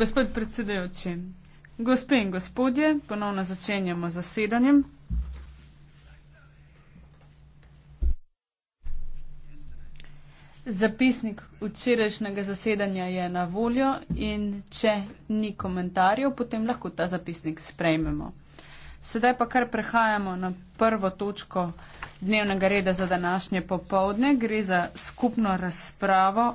Gospod predsedajoči, gospe in gospodje, ponovno začenjamo zasedanjem. Zapisnik včerajšnjega zasedanja je na voljo in če ni komentarjev, potem lahko ta zapisnik sprejmemo. Sedaj pa kar prehajamo na prvo točko dnevnega reda za današnje popovdne. Gre za skupno razpravo.